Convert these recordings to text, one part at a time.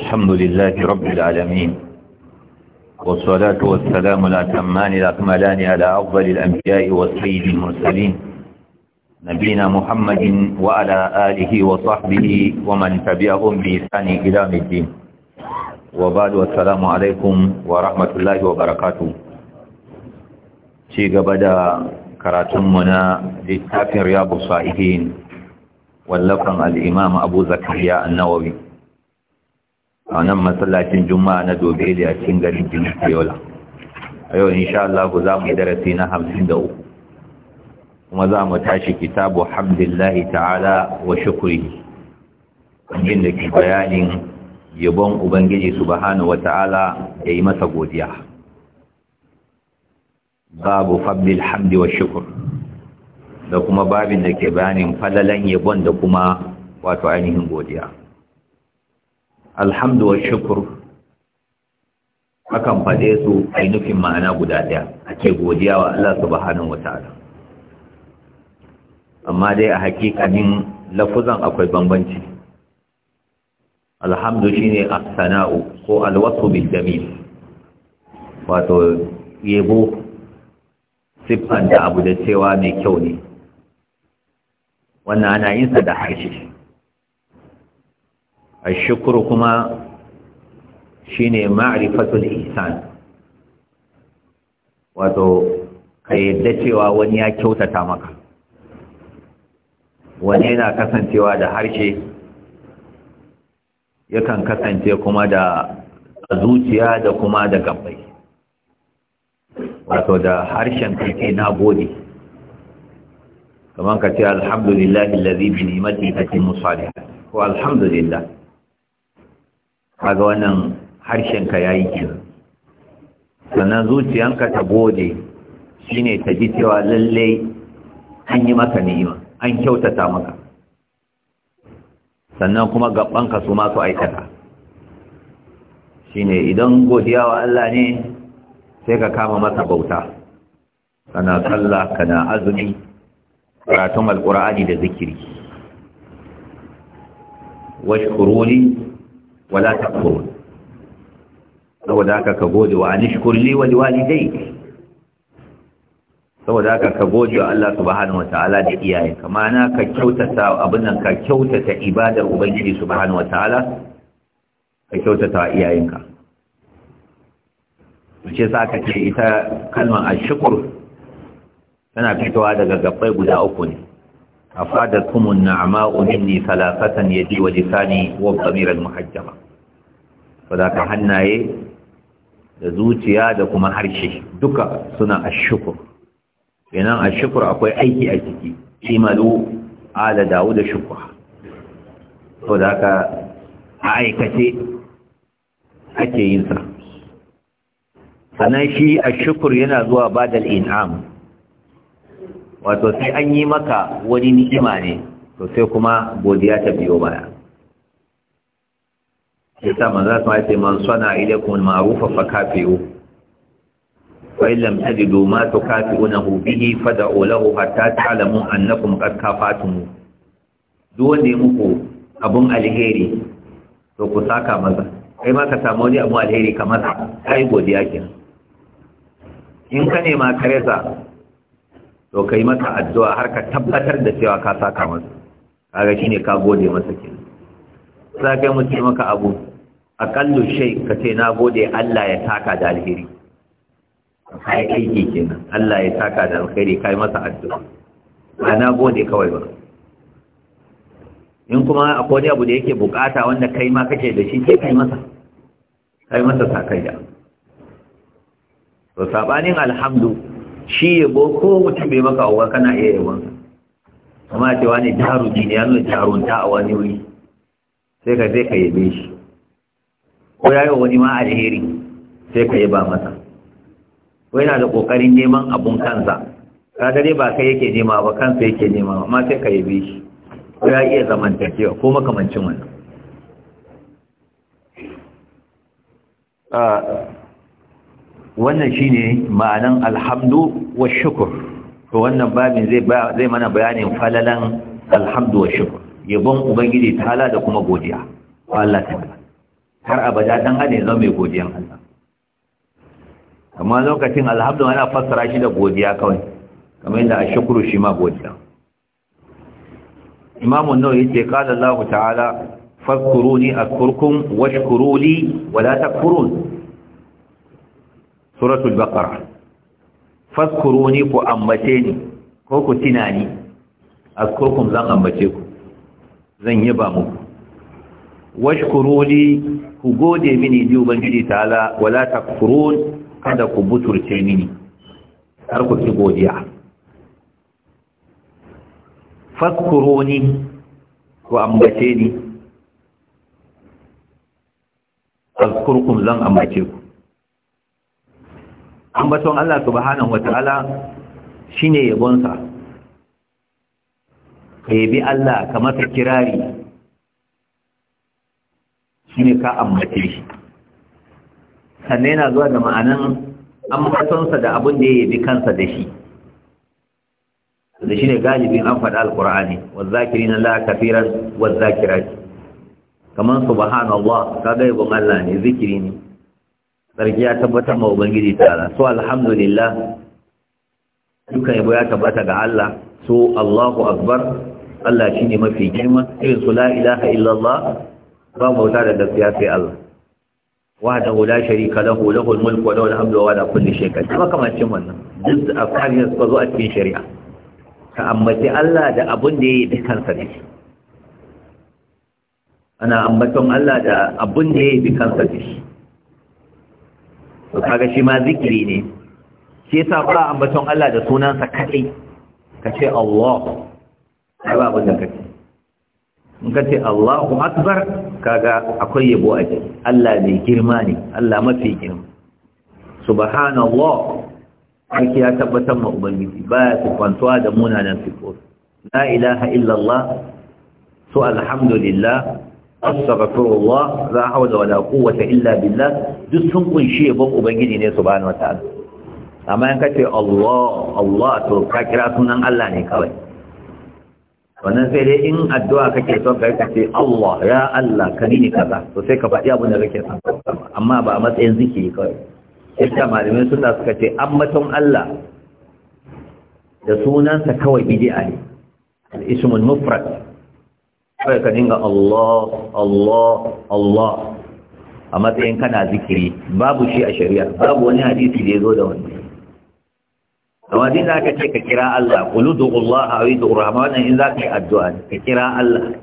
الحمد لله رب العالمين والصلاة والسلام الأتمان الأكملان على أفضل الأنبياء والسيد المرسلين نبينا محمد وعلى آله وصحبه ومن تبعهم بإحسان إلى الدين وبعد والسلام عليكم ورحمة الله وبركاته شيء بدأ كراتمنا للتافي رياض الصالحين واللقم الإمام أبو زكريا النووي a nan masallacin juma'a na dobeli a cikin garin jini yola a yau insha Allah za mu darasi na hamsin da uku kuma za mu tashi kitabu hamdillahi ta'ala wa shukuri wajen da ke bayanin yabon ubangiji wa Ta'ala ya yi masa godiya babu fadlil hamdi wa shukur da kuma babin da ke bayanin falalan yabon da kuma wato ainihin godiya alhamdu wa shukur akan faɗe su a nufin ma'ana guda ɗaya ake godiya wa Allah subhanahu wata'ala amma dai a hakikanin lafuzan akwai bambanci alhamdu shine as-sana'u ko alwasu bin bil jamil wato yebo siffanta abu da cewa mai kyau ne wannan ana yin sa da harshe ashukuru kuma shine ma'rifatul ihsan wato ka yadda cewa wani ya kyautata maka wani yana kasancewa da harshe yakan kasance kuma da zuciya da kuma da gabbai wato da harshen kake na gode kamar ka ce alhamdulillahi lalzi bi ni'imati tatimmu salihah ko alhamdulillah kaga wannan harshenka ya yi kenan sannan zuciyanka ta gode shine ta ji cewa lalle an yi maka ni'ima an kyautata maka sannan kuma gabanka su masu aikata shine idan godiya wa Allah ne sai ka kama masa bauta kana sallah kana azumi karatun alqur'ani da zikiri washkuruli wala takfur saboda haka ka gode wa anishkur li wa liwalidayk saboda haka ka gode wa Allah subhanahu wataala da iyayenka ma'ana ka kyautata abin nan ka kyautata ibadar ubangiji subhanahu wataala ka kyautata iyayenka ce sa ka ce ita kalmar ashukur tana fitowa daga gabbai guda uku ne أفادتكم النعماء مني ثلاثة يدي ولساني والضمير المحجمة فذاك حناي زوجيا دكم هرشي دكا سنة الشكر ina a shukura akwai aiki a ciki imalu ala dawo da shukura to da haka aikace ake sannan shi a shukur yana zuwa badal in'am wato sai an yi maka wani ni'ima ne to sai kuma godiya ta biyo baya Sai ta manzo ta ce man sana ilaykum ma'rufa fa kafiu wa illam tajidu ma tukafiunahu bihi fad'u lahu hatta ta'lamu annakum qad kafatum duk wanda ya muku abun alheri to ku saka maza kai ma ka samu wani abun alheri kamar kai godiya kenan in ka nema ka rasa to kai masa addu'a har ka tabbatar da cewa ka saka masa kaga shine ka gode masa kenan sai kai mutum maka abu aƙallu shai ka ce na gode Allah ya taka da alheri kai aiki kenan Allah ya taka da alheri kai masa addu'a ba na gode kawai ba in kuma akwai wani abu da yake bukata wanda kai ma kake da shi ke kai masa kai masa sakai da to sabanin alhamdu shi yabo ko mutum bai maka abuwa kana iya yabonsa amma cewa ne jarumi ne ya nuna jarunta a wani wuri sai ka sai ka yabe shi ko ya yi wa wani ma alheri sai ka yaba masa ko yana da ƙoƙarin neman abun kansa kaga ne ba kai yake nema ba kansa yake nema amma sai ka yabe shi ko ya iya zamantakewa ko makamancin wannan ah, wannan shine ma'anan alhamdu wa shukur to wannan babin zai mana bayanin falalan alhamdu wa shukur yabon ubangiji ta'ala da kuma godiya Allah ta'ala har abada dan adam zama mai godiyan Allah amma lokacin alhamdu ana fassara shi da godiya kawai kamar yadda ashkuru shi ma godiya imamu nawawi yace qala Allah ta'ala fadhkuruni azkurkum washkuru li wa la takfurun suratul baqara fadkuruni ku ambace ni ko ku tunani azkurkum zan ambace ku zan yaba muku washkuruli ku gode mini ji ubangiji ta'ala wala takfurun kada ku buturce mini har ku ki godiya fadkuruni ku ambace ni azkurkum zan ambace ku ambaton Allah subhanahu wata'ala shine yabonsa ka yabi Allah ka masa kirari shine ka ambace shi sannan yana zuwa da ma'anan ambatonsa da abin da ya yabi kansa da shi da shi ne galibin an faɗa alkur'ani wazzakiri na la kafiran wazzakirati kamar subhanallah kaga yabon Allah ne zikiri ne Tsarki ya tabbatar ma ubangiji ta'ala so alhamdulillah dukan yabo ya tabbata ga Allah so Allahu akbar Allah shine mafi girma irin su la ilaha illallah ba bauta da gaskiya sai Allah Wa la sharika lahu lahul mulku wa lahul hamdu wa ala kulli shay'in qadir makamancin wannan duk afkari su zo a cikin shari'a ka ambaci Allah da abun da yake da kansa ne ana ambaton Allah da abun da yake da kansa ne to kaga shi ma zikiri ne shi yasa ba ambaton Allah da sunansa kadai ka ce Allah ai ba abin da in ka ce Allahu akbar kaga akwai yabo a Allah mai girma ne Allah mafi girma subhanallah sarki ya tabbatar ma ubangiji baya su kwantuwa da munanan sifofi la ilaha illallah su alhamdulillah astaghfirullah la hawla wala quwwata illa billah duk sun kunshi ban ubangiji ne subhanahu wataala amma in kace Allah Allah to ka kira sunan Allah ne kawai wannan sai dai in addu'a kake son kai ka ce Allah ya Allah ka ni kaza to sai ka faɗi abin da kake son amma ba a matsayin zikiri kawai sai malamai malamin sunna suka ce ammaton Allah da sunansa kawai a ne al-ismul kawai ka dinga Allah Allah Allah a matsayin kana zikiri babu shi a shari'a babu wani hadisi da ya zo da wani amma din za ka ce ka kira Allah kulu du'ullah awi du'urrahman in za ka yi addu'a ka kira Allah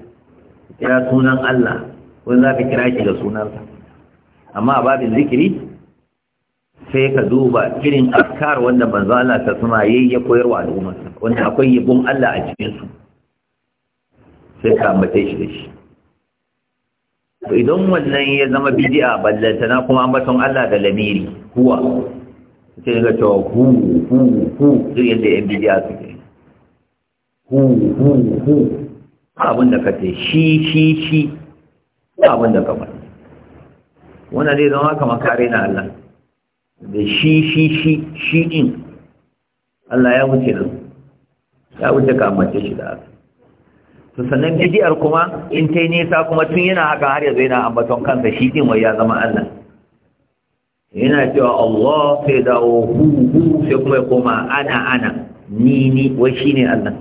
ka kira sunan Allah wani za ka kira shi da sunansa amma a babin zikiri sai ka duba kirin askar wanda manzo Allah ta suna ya koyarwa al'ummarsa wanda akwai yabon Allah a cikin su sai ka ambace shi da shi idan wannan ya zama bid'a ballanta na kuma ambaton Allah da lamiri huwa sai ga cewa hu hu hu duk yadda yan bid'a suke hu hu hu abin da ce shi shi shi abin da ba wannan zai zama kamar kare na Allah da shi shi shi shi din Allah ya wuce nan ya wuce ka amince shi da haka to sannan bidiyar kuma in ta yi nisa kuma tun yana haka har yanzu yana ambaton kansa shi din wai ya zama Allah yana cewa Allah sai dawo hu hu sai kuma ya koma ana ana ni ni wai ne Allah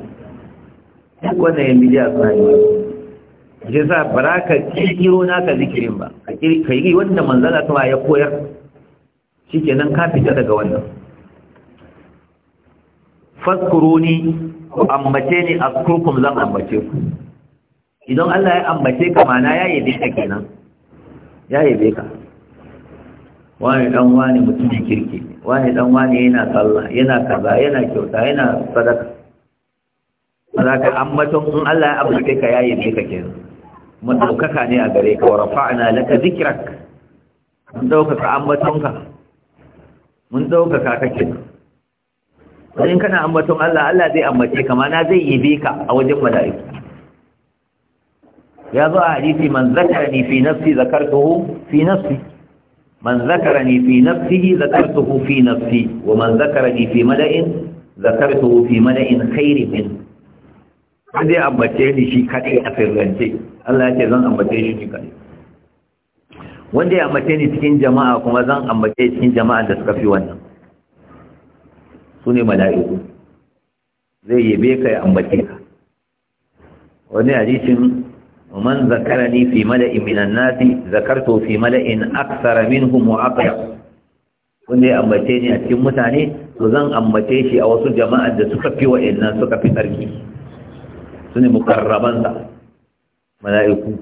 duk wannan yan bidiyar suna yi wani shi sa ba za ka kirkiro naka zikirin ba ka yi wanda manzana kuma ya koyar shi kenan ka fita daga wannan faskuruni ku ambace ni a kurkum zan ambace ku idan Allah ya ambace ka mana ya yi bika kenan ya yi bika. wani dan wani mutumin kirki wani dan wani yana sallah yana kaza yana kyauta yana sadaka sadaka ambaton in Allah ya ambace ka ya yi bika kenan mun daukaka ne a gare ka wa rafa'na laka zikrak mun daukaka ambatonka mun daukaka ka kenan in kana ambaton Allah Allah zai ambace ka mana zai yabe ka a wajen mala'iku ya zo a hadisi man zakarani fi nafsi zakartuhu fi nafsi man zakarani fi nafsihi zakartuhu fi nafsi wa man zakarani fi mala'in zakartuhu fi mala'in khairin min zai ambace ni shi kaɗai a firrance Allah ya ce zan ambace shi ni kaɗai wanda ya ambace ni cikin jama'a kuma zan ambace cikin jama'a da suka fi wannan su ne mala'iku zai yabe ka ya ambace ka wani hadisin man zakarani fi mala'in minan nasi zakarto fi mala'in aksara minhum wa aqra wanda ya ambace ni a cikin mutane to zan ambace shi a wasu jama'a da suka fi wa'annan suka fi tsarki su ne mukarrabansa mala'iku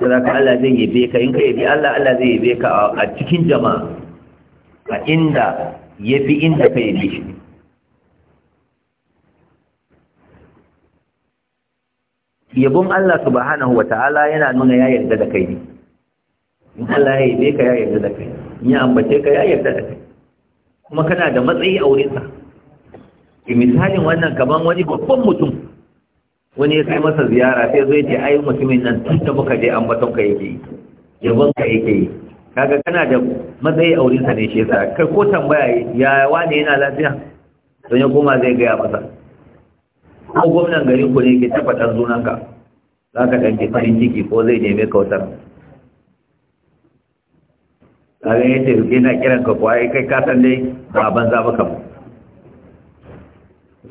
sai ka Allah zai yabe ka in ka yabe Allah Allah zai yabe ka a cikin jama'a a inda ya fi inda ka yi shi yabon Allah subhanahu wa ta'ala yana nuna ya yarda da kai ne in Allah ya yi ne ka ya yarda da kai in ya ambace ka ya yarda da kai kuma kana da matsayi a wurinsa ki misalin wannan kamar wani babban mutum wani ya kai masa ziyara sai zai ce ai mutumin nan tun da muka je ambaton ka yake yi yabon ka yake yi kaga kana da matsayi a wurinsa ne shi yasa kai ko tambaya ya wane yana lafiya don ya koma zai gaya masa ko gwamnan gari ku ne ke tabbatar zunanka za ka ɗanke farin ciki ko zai neme kautar kaga ya ce yana kiran ka kwaye kai ka san dai ba banza ba kam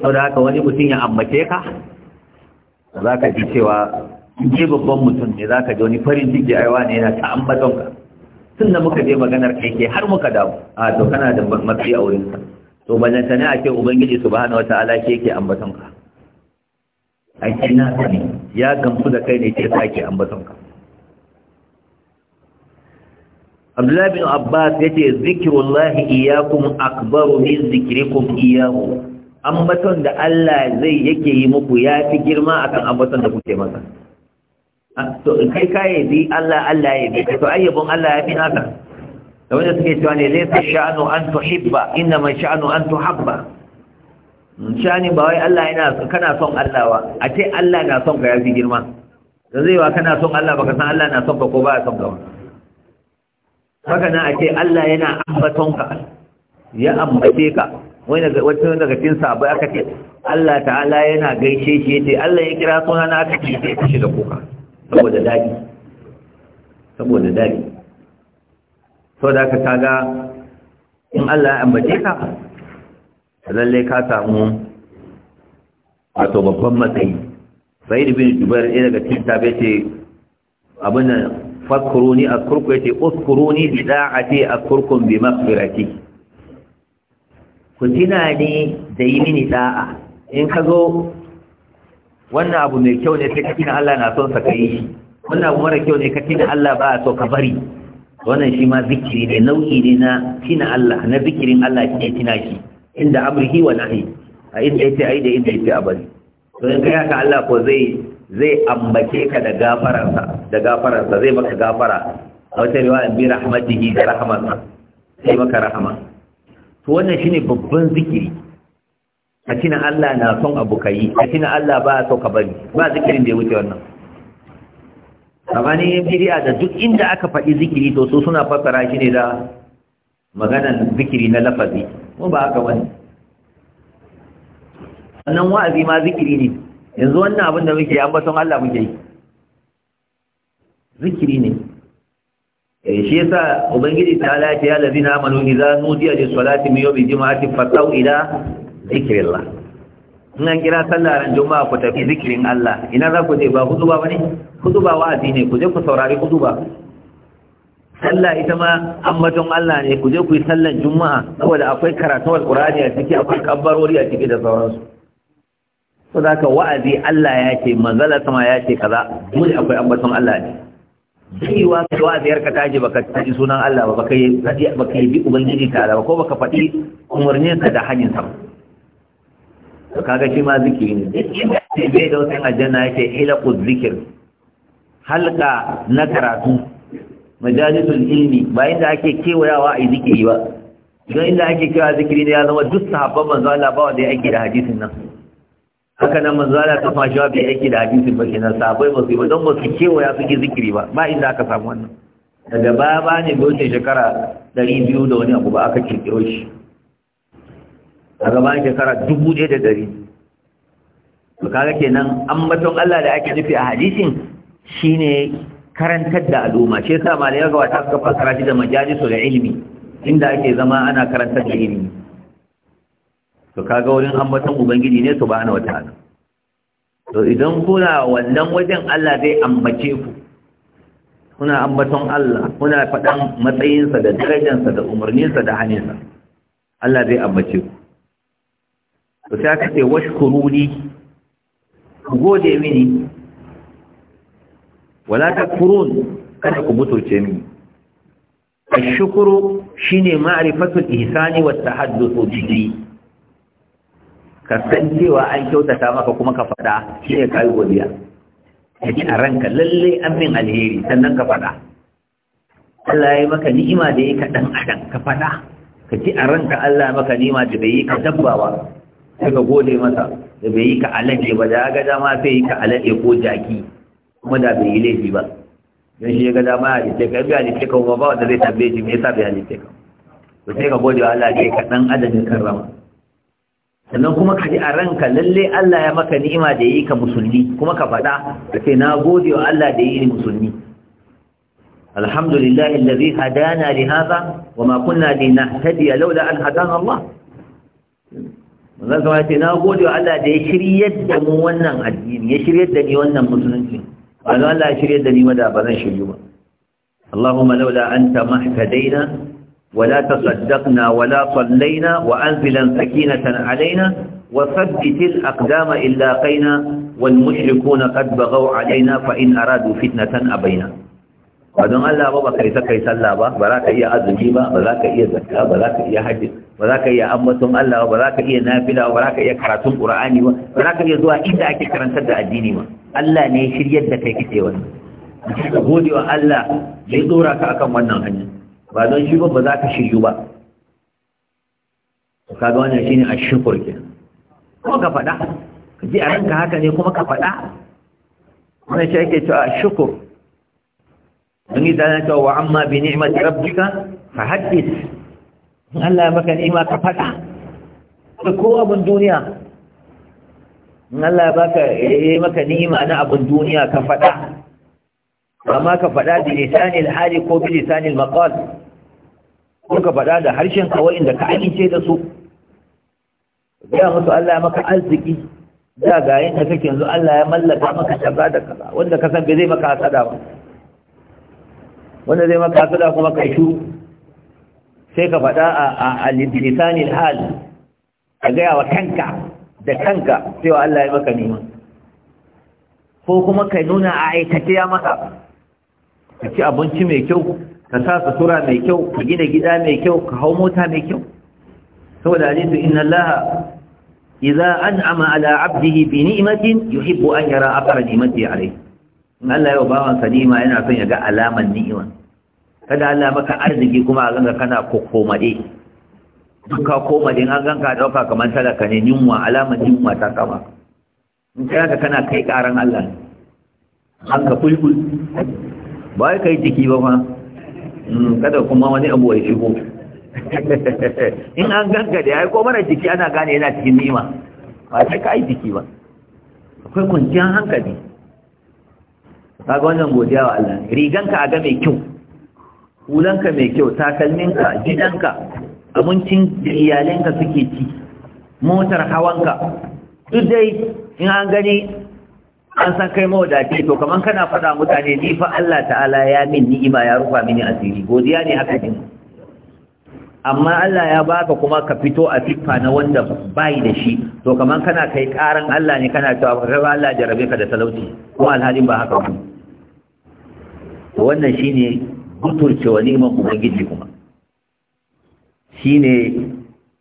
sau da haka wani mutum ya ammace ka za ka ji cewa in ce babban mutum ne za ka ji wani farin ciki aiwa ne yana ta ambaton ka tun da muka je maganar aiki har muka damu a to kana da matsayi a wurinsa to ballanta ne a ce ubangiji subhanahu ala ke ke ambaton ka aiki na sani ya gamsu da kai ne ke sa ke ambaton ka Abdullahi bin Abbas yace zikrullahi iyyakum akbaru min zikrikum iyyahu ambaton da Allah zai yake yi muku ya fi girma akan ambaton da kuke masa Ah, to kai ka bi Allah Allah ya bi to ayyubun Allah ya fi naka da wanda suke cewa ne laysa sha'nu an tuhibba inma sha'nu an tuhabba hmm, shani ba wai Allah yana kana son Allah wa a ce Allah na son ka yafi girma da zai wa kana son Allah baka san Allah na son ka ko ba son ka ba haka nan a ce Allah yana ambaton ka ya ambace ka wata daga cikin sabai aka ce Allah ta'ala yana gaishe shi yace Allah ya kira sunana aka ce shi da kuka saboda daɗi saboda daɗi sau da ta ga in Allah ya ambace ka lalle ka samu wato babban matsayi sai da bin dubar ɗaya daga cikin tabe ce abin da faskuruni a kurku ya ce uskuruni bi da'ati a kurkun bi mafirati ku tina ne da yi mini da'a in ka zo wannan abu mai kyau ne sai ka tina Allah na son sa ka yi shi wannan abu mara kyau ne ka tina Allah ba a so ka bari wannan shi ma zikiri ne nau'i ne na tina Allah na zikirin Allah shi tina shi inda amrihi wa nahi a inda yace ai da inda yace a bari to in kai haka Allah ko zai zai ambace ka da gafaransa da sa zai maka gafara a wata riwaya bi rahmatihi da rahmatan sai maka rahama to wannan shine babban zikiri a tina Allah na son abu kai a tina Allah ba so ka bari ba zikirin da ya wuce wannan amma ne bid'a da duk inda aka faɗi zikiri to su suna fassara shi ne da maganan zikiri na lafazi mu ba haka wani sannan wa'azi ma zikiri ne yanzu wannan abin da muke an baton Allah muke yi zikiri ne eh, shi yasa ubangiji ta ala ya ce ya lazina amanu idza nudiya lis salati min yawmi jum'ati fasaw ila zikirillah in an kira sallah ran juma'a ku tafi zikirin Allah ina za ku je ba ku ba bane ku ba wa'azi ne ku je ku saurari ku ba sallah ita ma ambaton Allah ne ku je ku yi sallar juma'a saboda akwai karatu alqur'ani a ciki akwai kabbarori a ciki da sauransu saboda zaka wa'azi Allah ya ce manzala sama ya ce kaza dole akwai ambaton Allah ne cewa kai wa'aziyar ka taji baka taji sunan Allah ba baka yi baka yi bi ubangiji ta ba ko baka faɗi umarninsa da hanyar sa to kaga shi ma zikiri ne sai bai da wasu aljanna ce ilaqu zikir halka na karatu majalisul ilmi ba inda ake kewayawa a zikiri ba don inda ake kewa zikiri ne ya zama duk sahabban manzo Allah ba wanda yake aiki da hadisin nan haka nan manzo Allah ta fashi wa bai aiki da hadisin ba kenan sahabbai ba su ba don ba su kewaya suke zikiri ba ba inda aka samu wannan daga baya ba ne bai wuce shekara ɗari biyu da wani abu ba aka kirkiro shi a gaban shekara dubu ɗaya da ɗari to kaga kenan ambaton Allah da ake nufi a hadisin shine karantar da al'umma shi yasa malayar ga wata suka fassara shi da majalisu da ilimi inda ake zama ana karantar da ilimi to kaga wurin ambaton ubangiji ne wata ala. to idan kuna wannan wajen Allah zai ambace ku kuna ambaton Allah kuna faɗan matsayinsa da darajarsa da umarninsa da hannunsa Allah zai ambace ku to sai aka ce washkuruni ku gode mini wala takfurun kada ku mutunce mini ashkuru shine ma'rifatul ihsani wat Ka bihi kasancewa an kyautata maka kuma ka fada shine kai godiya kaji a ranka lalle an min alheri sannan ka fada Allah ya maka ni'ima da yake dan adam ka fada kaji a ranka Allah maka ni'ima da bai yi ka dabbawa sai ka gode masa da bai yi ka alade ba da ya ga dama sai yi ka alade ko jaki kuma da bai yi laifi ba don shi ya ga dama ya halitta ka bai halitta ka kuma ba wanda zai tambaye shi me yasa bai halitta ka to sai ka gode wa Allah da ka dan adadin karrama sannan kuma ka ji a ranka lalle Allah ya maka ni'ima da yi ka musulmi kuma ka faɗa ka ce na gode wa Allah da yi ni musulmi الحمد لله الذي هدانا لهذا وما كنا لنهتدي لولا ان هدانا الله zan sama ce na gode wa Allah da ya shiryar da mu wannan addini ya shiryar da ni wannan musulunci ba Allah ya shiryar da ni ma da ba zan shiryu ba Allahumma laula anta mahtadaina ولا تصدقنا ولا صلينا وأنزلا سكينة علينا وثبت الأقدام إلا قينا والمشركون قد بغوا علينا فإن أرادوا فتنة أبينا ودن الله بابا كيسا كيسا الله بابا براك إيا أزمي براك إيا زكا براك إيا حجي ba za ka iya ambaton Allah ba za ka iya nafila ba za ka iya karatun Qur'ani ba ba za ka iya zuwa inda ake karantar da addini ba Allah ne shiryar da kai kike wannan ka gode wa Allah da ya dora ka akan wannan hanya ba don shi ba ba za ka shiryu ba to kaga wannan shine ashkur ke kuma ka faɗa ka ji a ranka haka ne kuma ka faɗa wannan shi ake cewa ashkur yi idan ta wa amma bi ni'mati rabbika fa hadith Allah ya maka ni'ima ka faɗa da ko abin duniya Allah ya baka ya maka ni'ima na abin duniya ka faɗa amma ka faɗa bi lisanil hali ko bi lisanil maqal ko ka faɗa da harshen ka inda ka amince da su ya mutu Allah ya maka arziki da ga yanda kake yanzu Allah ya mallaka maka kaza da kaza wanda ka san bai zai maka hasada ba wanda zai maka hasada kuma kai shuru sai ka faɗa a lisanin hal ka gaya wa kanka da kanka cewa Allah ya maka nema ko kuma ka nuna a aikace ya maka ka ci abinci mai kyau ka sa sutura mai kyau ka gina gida mai kyau ka hau mota mai kyau saboda hadisu inna Allah an ama ala 'abdihi bi ni'matin yuhibbu an yara athara ni'mati alayhi in Allah ya ba wa ni'ima yana son ya ga alaman ni'ima kada Allah maka arziki kuma a ganga kana kokomade duka komadin an ganka dauka kamar sadaka ne yunwa alamar yunwa ta kama in kai ka kana kai karan Allah an ka kulkul ba kai jiki ba ma hmm, kada kuma wani abu ya shigo in an ganka da ya ko mara jiki ana gane yana cikin nima ba sai ka yi jiki ba akwai kwanciyar hankali Ka ga wannan godiya wa Allah riganka a ga mai kyau hulanka mai kyau takalminka gidanka abincin da iyalinka suke ci motar hawanka duk dai in an gani an san kai mawadaci to kamar kana faɗa mutane ni fa Allah ta'ala ya min ni'ima ya rufa mini asiri godiya ne haka din amma Allah ya baka kuma ka fito a siffa na wanda bai da shi to kamar kana kai karan Allah ne kana cewa kai Allah jarabe ka da talauci ko alhalin ba haka ba wannan shine guturcewa neman ubangiji kuma shine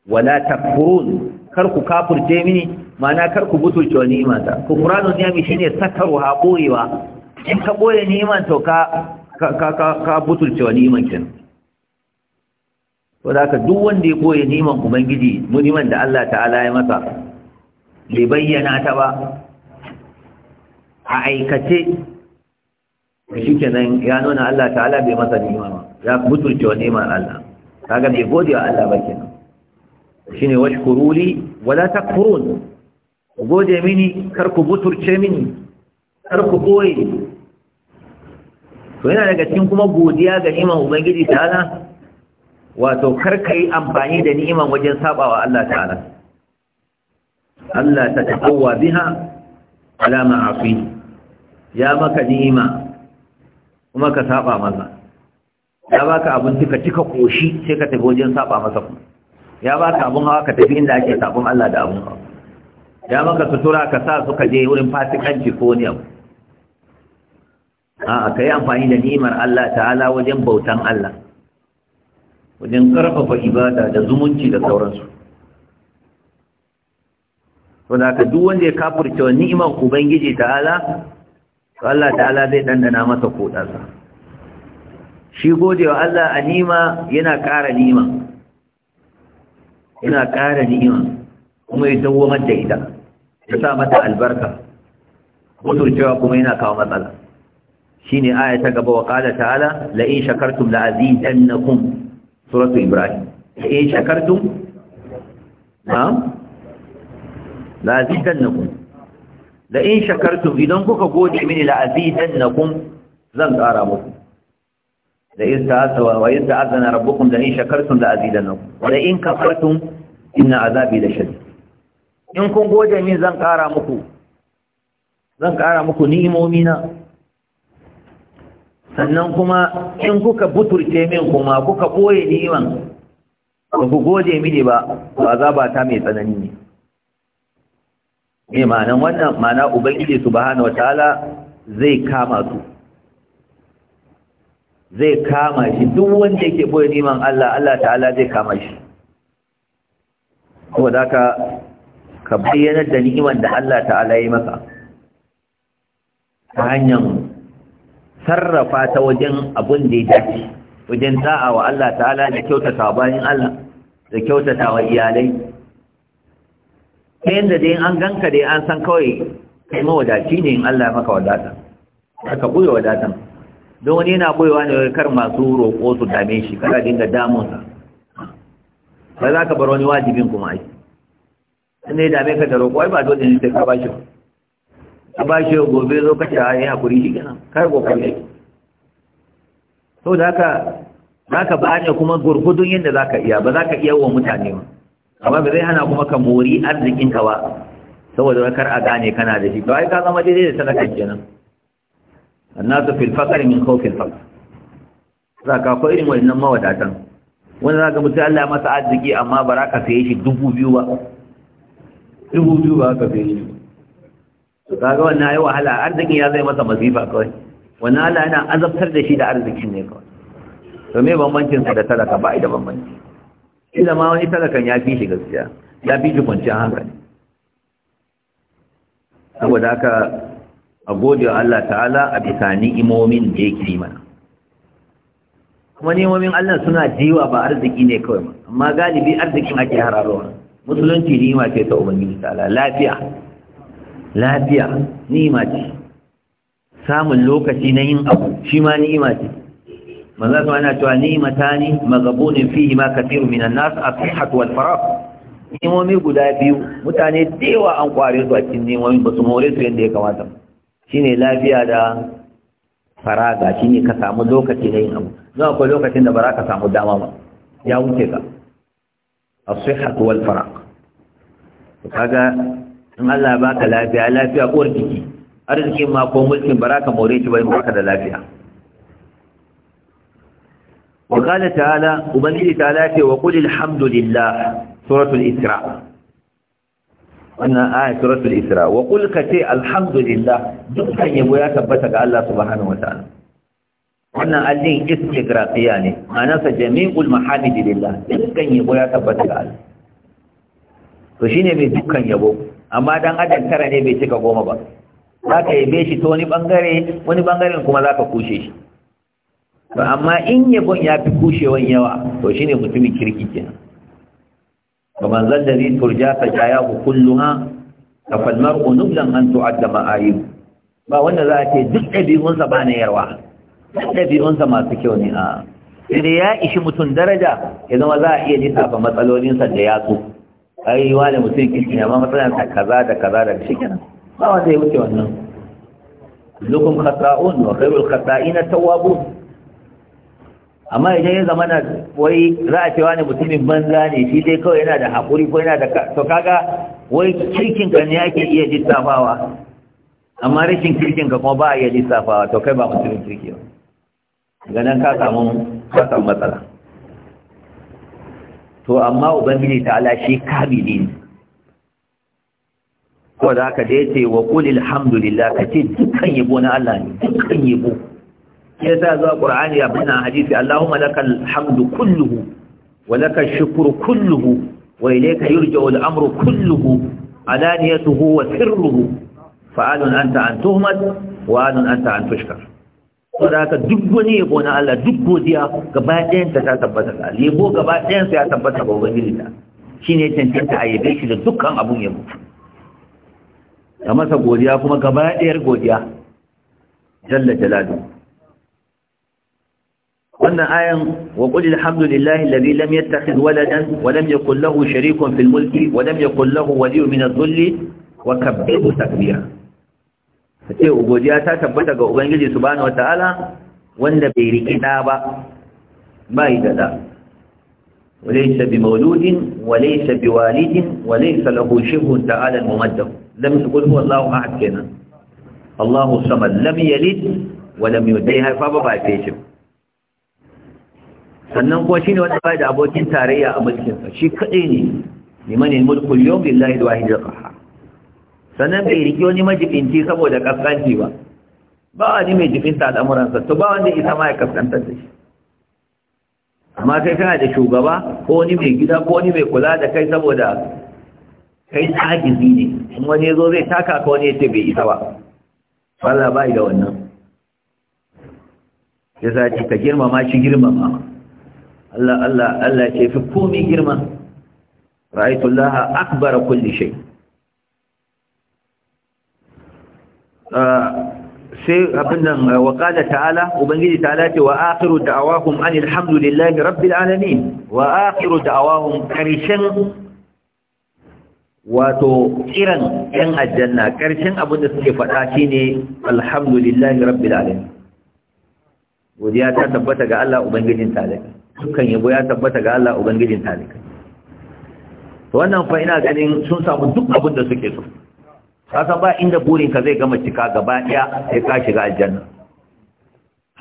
wala takfurun kar ku kafurce mini ma'ana kar ku guturcewa ni'imata kufranu shi shine sakarwa koyewa in ka boye ni'iman to ka ka ka ka butulcewa ni'iman kenan wadda duk wanda ya koya neman ubangiji muniman da Allah ta'ala ya masa bai bayyana ta ba a aikace shi kenan ya nuna Allah ta'ala bai masa ni'ima ba ya mutunce wa ni'imar Allah kaga bai gode wa Allah ba kenan shine washkuruli wala kurun gode mini kar ku buturce mini kar ku boye to yana daga cikin kuma godiya ga ni'imar ubangiji ta'ala wato kar ka yi amfani da ni'imar wajen sabawa Allah ta'ala Allah ta kowa biha alama afi ya maka ni'ima kuma ka saba masa ya baka abinci ka cika koshi sai ka tafi wajen saba masa kuma ya baka abun hawa ka tafi inda ake sabon Allah da abun hawa ya maka sutura ka sa suka je wurin fasikanci ko ne abu a ka yi amfani da ni'imar Allah ta'ala wajen bautan Allah wajen ƙarfafa ibada da zumunci da sauransu wadda ka duk wanda ya kafurce wa ni'imar ubangiji ta'ala to Allah ta'ala zai dandana masa kodarsa shi godewa Allah a nima yana ƙara nima yana ƙara nima kuma ya dawwamar da ita ya sa mata albarka mutuncewa kuma yana kawo matsala Shi ne aya ta gaba wa qala ta'ala la in shakartum la azidannakum suratu ibrahim la in shakartum ha la azidannakum da in shakartum idan kuka gode mini la'azidannakum zan kara muku da in ta'azawa wa in ta'azana rabbukum da in shakartum la'azidannakum wa da in kafartum inna azabi lashadid in kun gode mini zan kara muku zan kara muku ni'imomi na sannan kuma in kuka buturce min kuma kuka ɓoye ni'iman ba ku gode mini ba ba azaba ta mai tsanani ne me ma'anan wannan ma'ana ubangiji subhanahu wataala zai kama su zai kama shi duk wanda yake boye neman Allah Allah ta'ala zai kama shi Ko za ka bayyana da ni'imar da Allah ta'ala ya yi maka ta hanyar sarrafa ta wajen abin da ya dace wajen da'a wa Allah ta'ala da kyautata bayan Allah da kyautata wa iyalai ta yadda dai an ganka dai an san kawai kai mawadaci ne in Allah ya maka wadata ka buya wadatan don wani yana buyewa ne kar masu roƙo su dame shi kada dinga damunsa ba za ka bar wani wajibin kuma ai in ne dame ka da roƙo ai ba dole ne sai ka bashi ka bashi gobe zo ka ta yi hakuri shi kenan kar kokari yake to da haka ba bani kuma gurgudun yadda za ka iya ba za ka iya wa mutane ba amma ba zai hana kuma ka mori arzikinka ba saboda kar a gane kana da shi to ai ka zama daidai da sadakan kenan annasu fil faqr min khawfil za ka ko irin wannan mawadatan wanda ka mutu Allah masa arziki amma baraka sai shi dubu biyu ba dubu biyu ba ka sai shi to kaga wannan ai wahala arzikin ya zai masa masifa kawai wannan Allah yana azabtar da shi da arzikin ne kawai to me bambancin sa da talaka ba da bambanci ila ma wani talakan ya fi shi gaskiya ya fi shi kwanciyar hankali saboda haka a gode wa Allah ta'ala a bisa ni'imomin da ya yi mana kuma ni'imomin Allah suna jiwa ba arziki ne kawai ma amma galibi arzikin ake hararowa musulunci ni'ima ce ta ubangiji ta'ala lafiya lafiya ni'ima ce samun lokaci na yin abu shi ma ni'ima ce manzo sama yana cewa ni matani magabunin fihi ma kathiru minan nas as-sihhatu Ni farah nimomi guda biyu mutane da yawa an kware su a cikin nimomi ba su more su yadda ya kamata shine lafiya da faraga shine ka samu lokaci na yin abu don akwai lokacin da ba za ka samu dama ba ya wuce ka as-sihhatu wal farah kaga in Allah ya baka lafiya lafiya uwar jiki arzikin ma ko mulkin ba ka more shi ba bai baka da lafiya wa qala ta'ala ubangiji ta'ala ce wa qul alhamdulillah suratul isra wannan aya suratul isra wa qul ka ce alhamdulillah dukkan yabo ya tabbata ga Allah subhanahu wataala wannan allin istigrafiya ne sa jami'ul mahamidi lillah dukkan yabo ya tabbata ga Allah to shine mai dukkan yabo amma dan adam tara ne bai cika goma ba zaka yabe shi ta wani bangare wani bangaren kuma zaka kushe shi to amma in yabon ya fi kushewan yawa to shine mutumin kirki ba kamar zalla zai turja ta jaya ku ha kafal mar'u nublan an tu'adda ma'ayi ba wanda za a ce duk ɗabi'unsa ba na yarwa duk ɗabi'unsa masu kyau ne a sai ya ishi mutum daraja ya zama za a iya lissafa matsalolinsa da ya so ai da mutum kirki ne amma matsalarsa kaza da kaza da shi kenan ba wanda ya wuce wannan lukum khata'un wa khairul khata'ina tawwabun amma idan ya zama na wai za a cewa ne mutumin banza ne shi dai kawai yana da haƙuri ko yana da to kaga wai kirkin ka ne ake iya lissafawa amma rashin kirkin ka kuma ba a iya lissafawa to kai ba mutumin kirki ba ga nan ka samu ka samu matsala to amma ubangiji ta ala shi kabili ne ko da haka da yace wa kulil hamdulillah kace dukkan yabo na Allah ne dukkan yabo ya sa zuwa qur'ani abin nan hadisi allahumma laka hamdu kulluhu wa lakal shukru kulluhu wa ilayka yurja'u al-amru kulluhu alaniyatuhu wa sirruhu fa'alun anta an tuhmat wa alun anta an tushkar saboda duk wani yabo na Allah duk godiya gaba ɗayan ta ta tabbata ga yabo gaba ɗayan ya tabbata ga ubangiji ta shine tantance a yabe shi da dukkan abun yabo da masa godiya kuma gaba ɗayar godiya jalla jalaluhu wannan ayan wa qul alhamdulillahi alladhi lam yattakhidh waladan wa lam yakul lahu sharikun fil mulki wa lam yakul lahu waliyyun min adh-dhulli wa kabbihu takbira sai godiya ta tabbata ga ubangiji subhanahu wataala wanda bai riki da ba bai da da وليس بمولود وليس بوالد وليس له شبه تعالى الممدد لم تقل هو الله احد كنا الله الصمد لم يلد ولم ba هاي فبابا تيجي sannan kuma ne wanda bai da abokin tarayya a mulkin shi kadai ne liman mulku yawm lillahi alwahid alqahhar sannan bai riƙe wani majibinci saboda kaskanci ba ba wani mai jibinta al'amuransa, to ba wanda isa ma ya kaskantar da shi amma kai kana da shugaba ko wani mai gida ko wani mai kula da kai saboda kai tsagizi ne in wani ya zo zai taka ka wani ya ce bai isa ba falla ba da wannan ya sa ka girmama shi girmama Allah Allah Allah ce fi komai girma ra'aytu Allah akbar kulli shay ah, sai abin nan ah, wa qala ta'ala ubangiji ta'ala ce wa akhiru da'awahum anil hamdulillahi rabbil alamin wa akhiru da'awahum karishan wato kiran yan aljanna karshen abin da suke faɗa shine alhamdulillahi rabbil alamin godiya ta tabbata ga Allah ubangijin ta'ala dukkan yabo ya tabbata ga Allah ubangijin talika to wannan fa ina ganin sun samu duk abin da suke so san ba inda burin ka zai gama cika gaba ɗaya sai ka shiga aljanna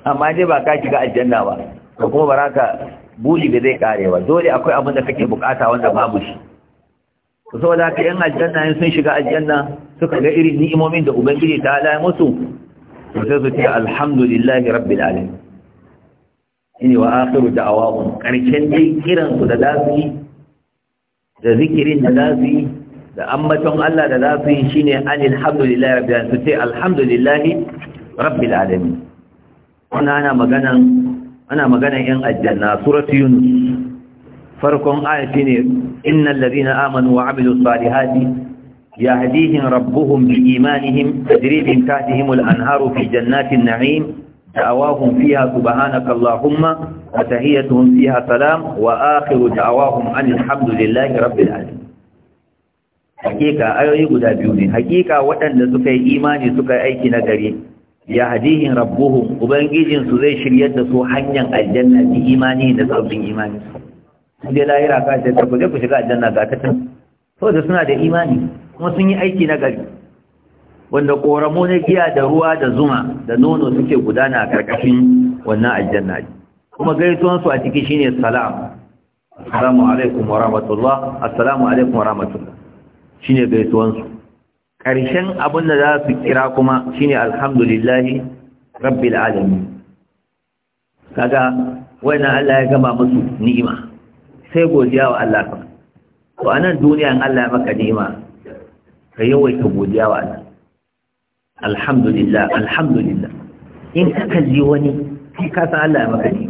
amma dai ba ka shiga aljanna ba ko kuma baraka buri da zai kare ba. dole akwai abin da kake bukata wanda babu shi saboda haka yan aljanna yin sun shiga aljanna suka ga irin ni'imomin da ubangiji ta ala musu sai su ce alhamdulillahi rabbil alamin shine wa akhiru da'awahum karshen dai kiran su da zasu da zikirin da zasu da ambaton Allah da zasu yi shine alhamdulillahi rabbil alamin su ce alhamdulillahi rabbil alamin wannan ana magana ana magana yan aljanna suratu yunus farkon aya shine innal ladina amanu wa amilus salihati يهديهم ربهم بإيمانهم تجري من تحتهم الأنهار في jannatin Na'im. دعواهم فيها سبحانك اللهم وتحيتهم فيها سلام وآخر دعواهم أن الحمد لله رب العالمين hakika ayoyi guda biyu ne hakika waɗanda suka yi imani suka yi aiki na gari ya hadihin rabbuhum ubangijin su zai shiryar da su hanyar aljanna bi imani da sabbin imani su dai lahira ka ce ta ku je ku shiga aljanna ga ta tun saboda suna da imani kuma sun yi aiki na gari wanda ƙoramu na giya da ruwa da zuma da nono suke gudana a ƙarƙashin wannan aljanna kuma gaisuwansu a ciki shine salam assalamu alaikum wa rahmatullah assalamu alaikum wa rahmatullah shine gaisuwansu Karshen abin da za su kira kuma shine alhamdulillah rabbil alamin kaga wannan Allah ya gama musu ni'ima sai godiya wa Allah to anan duniyan Allah ya maka ni'ima ka yawaita godiya wa Allah alhamdulillah alhamdulillah in ka kalli wani kai ka san Allah ya maka ne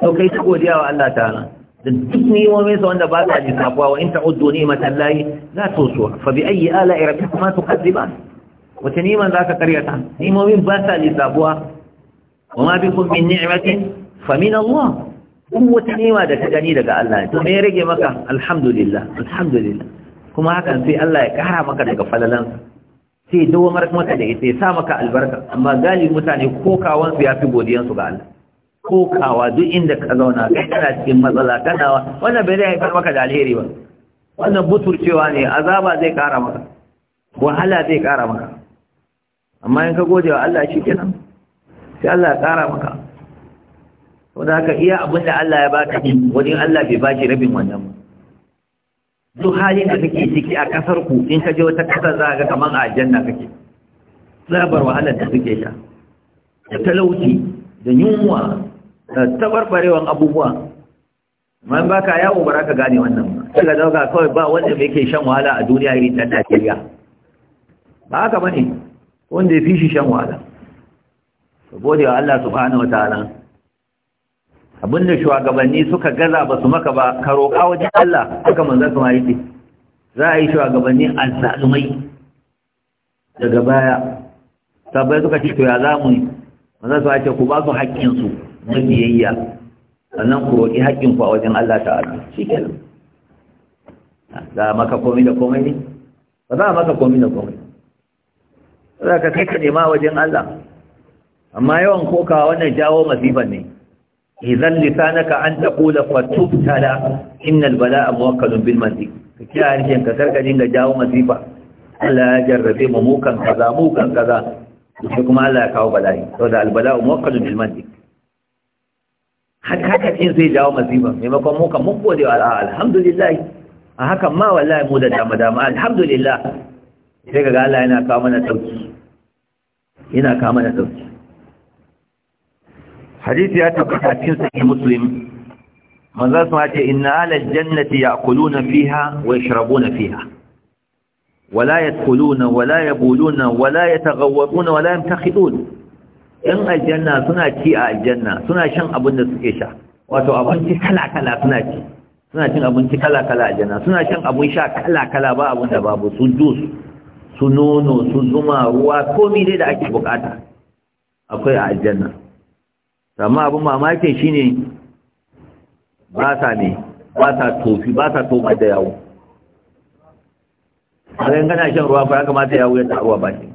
to kai ta godiya wa Allah ta'ala da duk ni'imomin sa wanda ba ka ji sabuwa wa in ta ta'uddu ni'matan lahi la tusuha fa bi ayyi ala ala'i rabbikuma tukazziban wata ni'iman za ka karyata ni'imomin ba sa ji sabuwa wa ma bikum min ni'matin fa min Allah kun wata ni'ima da ka gani daga Allah to me ya rage maka alhamdulillah alhamdulillah kuma hakan sai Allah ya kara maka daga falalansa sai dawamar maka da ita ya sa maka albarka amma galibi mutane kokawansu ya fi godiyansu ga Allah kokawa duk inda ka zauna kai kana cikin matsala kana wannan bai zai haifar maka da alheri ba wannan buturcewa ne azaba zai kara maka wahala zai kara maka amma in ka gode wa Allah shi kenan sai Allah ya kara maka wanda haka iya abin da Allah ya baka din wani Allah bai baki rabin wannan ba duk halin da kake ciki a kasar ku in ka je wata kasar za ga kamar a aljanna kake zabar wahalar da suke sha da talauci da yunwa da tabarbarewan abubuwa man baka yawo bara ka gane wannan ba ka kawai ba wanda mai ke shan wahala a duniya irin ta Najeriya ba haka bane wanda ya fi shi shan wahala saboda Allah subhanahu wataala abinda shugabanni suka gaza ba su maka ba ka roƙa wajen Allah haka su sama yake za a yi shugabanni azzalumai daga baya sabai suka ce to ya zamu yi manzon sama ce ku ba su haƙƙin su na biyayya sannan ku roƙi haƙƙin ku a wajen Allah ta'ala shikenan za a maka komai da komai ne ba za a maka komai da komai za ka kai ka nema wajen Allah amma yawan kokawa wannan jawo masifan ne idan lisanaka an taqula fa tubtala innal bala'a muwakkalun bil Ka kike harshen ka karka dinga jawo masifa Allah ya jarrabe mu mukan kaza mukan kaza shi kuma Allah ya kawo bala'i saboda al bala'u muwakkalun bil mazi haka haka cin zai jawo masifa maimakon mukan mu gode wa alhamdulillah a hakan ma wallahi mu da dama dama alhamdulillah sai ga Allah yana kawo mana sauki yana kawo mana sauki hadisi ya tabbata cikin sahih muslim manzo sun ce inna ala jannati ya'kuluna fiha wa yashrabuna fiha wala yadkhuluna wala yabuluna wala yataghawwatuna wala yamtakhidun in aljanna suna ci a aljanna suna shan abin da suke sha wato abinci kala kala suna ci suna cin abinci kala kala a aljanna suna shan abin sha kala kala ba abin da babu su juice su nono su zuma ruwa komai dai da ake bukata akwai a aljanna amma abin mamakin ne ba sa ne ba sa tofi ba sa toma da yawo a kan gana shan ruwa ba ya kamata yawo ya taruwa shi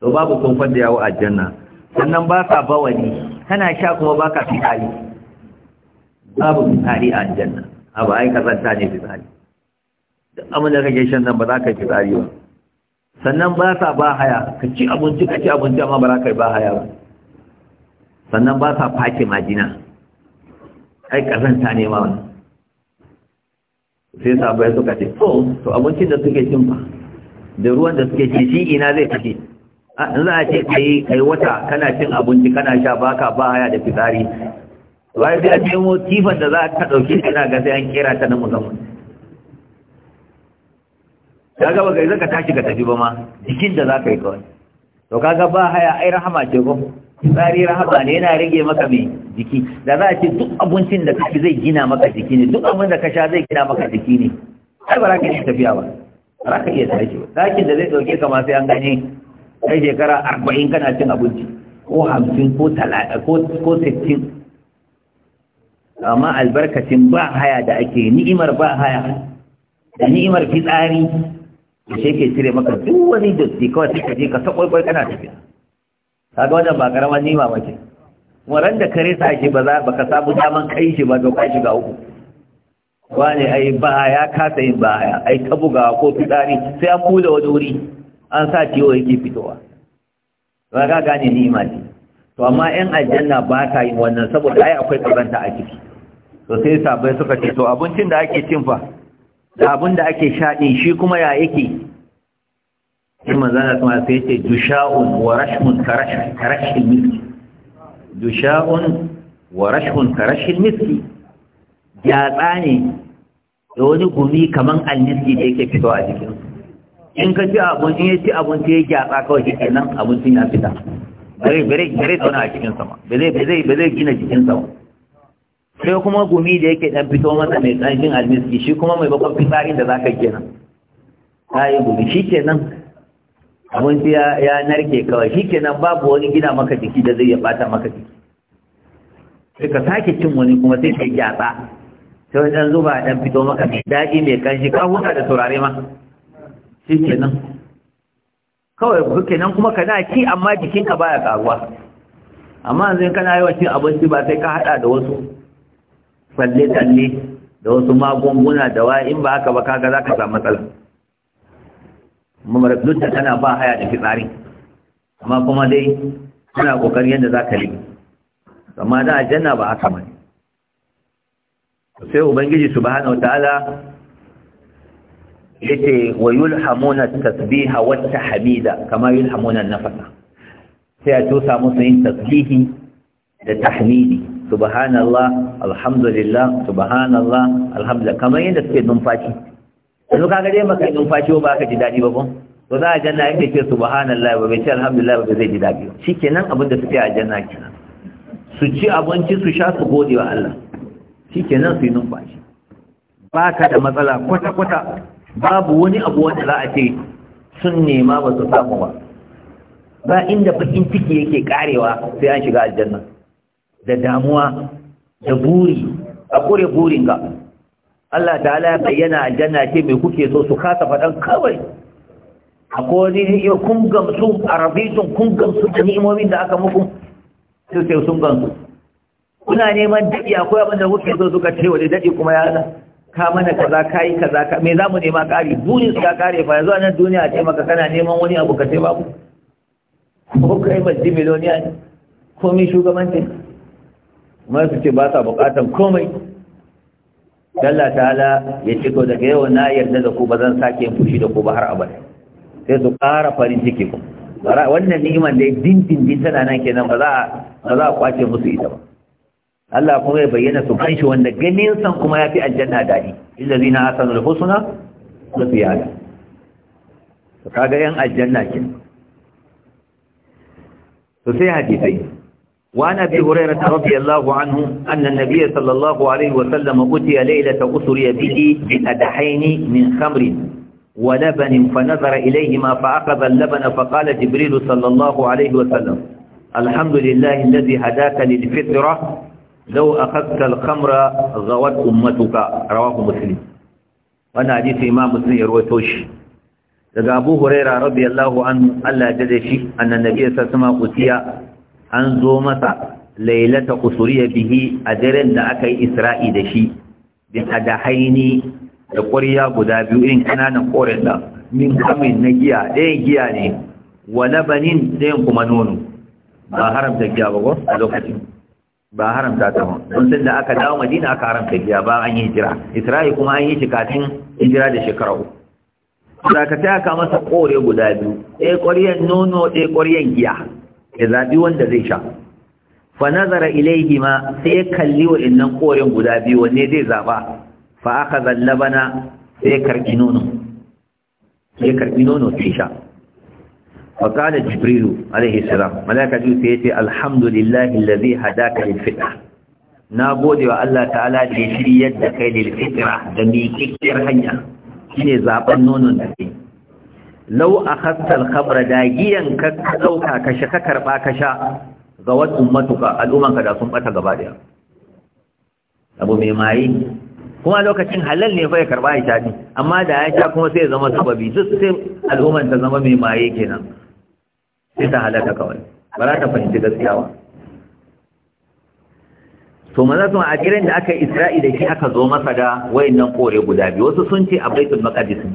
to babu tofar da yawo a janna sannan ba sa bawani kana sha kuma ba ka fitari babu fitari a janna abu ai kazanta ne fitari duk abin da kake shan nan ba za ka yi fitari ba sannan ba sa ba haya ka ci abinci ka ci abinci amma ba za ka yi ba haya ba sannan ba sa fake majina ai karanta ne ma wani sai sabai suka ce to to abincin da suke cin fa da ruwan da suke ci shi ina zai fice in za a ce kai kai wata kana cin abinci kana sha baka ba haya da fitsari wai sai a nemo kifan da za ka dauke kana ga sai an kera ta na musamman kaga ba kai zaka tashi ka tafi ba ma jikin da za ka yi kawai to kaga ba haya ai rahama ce ko fitsari haka ne yana rage maka mai jiki da za a ce duk abincin da kashi zai gina maka jiki ne duk abin da ka sha zai gina maka jiki ne har ba za ka iya tafiya ba ba ka iya tafiya. ba ɗakin da zai ɗauke ka masu yan gane kai shekara arba'in kana cin abinci ko hamsin ko talata ko sittin amma albarkacin ba haya da ake ni'imar ba haya da ni'imar fitsari da shi ke cire maka duk wani dotti kawai sai ka je ka sakwaikwai kana tafiya kaga wajen ba karama nima ba waran da kare sa shi ba za ba ka samu daman kai shi ba to shi shiga uku wani ai ba ya kasa yin ba ya ai ta bugawa ko fitsari sai an kula wani wuri an sa ciwo yake fitowa ba ka gane ma ce to amma yan aljanna ba ta yin wannan saboda ai akwai kazanta a ciki to sai sabai suka ce to abincin da ake cin fa da abin da ake shaɗi shi kuma ya yake in manzana kuma sai ce dusha'un wa rashmun karashin miski dusha'un wa rashmun karashin miski yatsa ne da wani gumi kaman alniski da yake fito a jikin in ka ci abinci ya ci abinci ya gyatsa kawai shi nan abincin ya fita bare bare bare zauna a cikin sama bare zai zai gina jikin sama sai kuma gumi da yake dan fito masa mai tsanshin alniski shi kuma mai bakon fitsarin da zaka kenan ta yi gumi shi kenan sai ya narke kawai kenan babu wani gina maka jiki da zai ya bata maka jiki sai ka sake cin wani kuma sai ka gyatsa sai wani dan zuba dan fito maka mai daɗi mai kanshi ka huta da turare ma kenan kawai kenan kuma ka na ci amma jikinka baya karuwa amma yanzu kana yawan cin abinci ba sai ka hada da wasu falle-talle da wasu magunguna da wa in ba haka ba kaga za ka samu matsala mamara duk da kana ba haya da fitsari amma kuma dai tana kokarin yadda za ka liƙe amma da aljanna ba haka bane sai ubangiji subhanahu ya yace wa yulhamuna tasbiha wa tahmida kama yulhamuna nafasa sai a tusa musu yin tasbihi da tahmidi subhanallah alhamdulillah subhanallah alhamdulillah kamar yadda suke numfashi yanzu kaga dai maka numfashi ba ka ji daɗi ba ko to za a janna yake ce subhanallahi ba bai ce alhamdulillah ba zai ji daɗi ba shikenan abin da suke a janna kenan su ci abinci su sha su gode wa Allah shikenan su yi numfashi ba ka da matsala kwata-kwata babu wani abu wanda za a ce sun nema ba su samu ba ba inda bakin ciki yake karewa sai an shiga aljanna da damuwa da buri a kure burinka Allah ta'ala ya bayyana aljanna ce mai kuke so su kasa faɗan kawai akwai wani ne kun gamsu a rabitun kun gamsu da ni'imomin da aka muku su sai sun gamsu kuna neman daɗi akwai abin da kuke so suka ce wani daɗi kuma ya na ka mana kaza ka yi kaza ka me za mu nema ƙari burin su ka ƙare fa yanzu a nan duniya a ce maka kana neman wani abu ka ce babu ko kai ji miliyoniya ne komai shugabanci kuma su ce ba sa buƙatan komai Allah ta'ala ya ce to daga yau na yarda da ku ba zan sake fushi da ku ba har abada sai su ƙara farin ciki ku wannan niman da dindin din tana nan kenan ba za a ba za a kwace musu ita ba Allah kuma ya bayyana su shi wanda ganin san kuma ya yafi aljanna dadi illazina hasanul husna wa ziyada to kaga yan aljanna kin. to sai hadisi وعن أبي هريرة رضي الله عنه أن النبي صلى الله عليه وسلم أتي ليلة أسري به بقدحين من خمر ولبن فنظر إليهما فأخذ اللبن فقال جبريل صلى الله عليه وسلم الحمد لله الذي هداك للفطرة لو أخذت الخمر غوت أمتك رواه مسلم وانا حديث إمام مسلم يروي توشي daga abu huraira radiyallahu anhu Allah ya dade shi annan nabi sallallahu alaihi wasallam an zo masa lailata usuriya bihi a daren da aka yi isra'i da shi bin adahaini da ƙwarya guda biyu irin ƙananan ƙorin da min kamin na giya ɗayan giya ne wa labanin ɗayan kuma nono ba haramta giya ba a lokacin ba haramta ta ba don sun da aka dawo madina aka haramta giya ba an yi hijira isra'i kuma an yi shi kafin hijira da shekara uku za ka masa ƙore guda biyu ɗaya ƙwariyan nono ɗaya ƙwariyan giya ya zaɓi wanda zai sha fa nazara ilaihi ma sai ya kalli wa innan korin guda biyu wanne zai zaɓa fa aka zallabana sai ya karɓi nono sai ya karɓi nono sai sha fa kala jibrilu alaihi salam malaka ji sai ya ce alhamdulillahi allazi hadaka lil fitra na gode wa Allah ta'ala da ya shiryar da kai lil fitra da miƙiƙiyar hanya shine zaɓen nonon da kai lau a hastal khamra dagiyan ka ɗauka kashe ka karɓa ka sha ga wasu matuka al'ummanka da sun ɓata gaba ɗaya abu mai maye kuma lokacin halal ne fa ya karɓa ya sha amma da ya sha kuma sai zama sababi duk sai al'umman ta zama mai maye kenan sai ta halaka kawai ba za ta fahimci gaskiya ba to maza sun a jiran da aka isra'i da shi aka zo masa da wayannan kore guda biyu wasu sun ce a baitul maqdis ne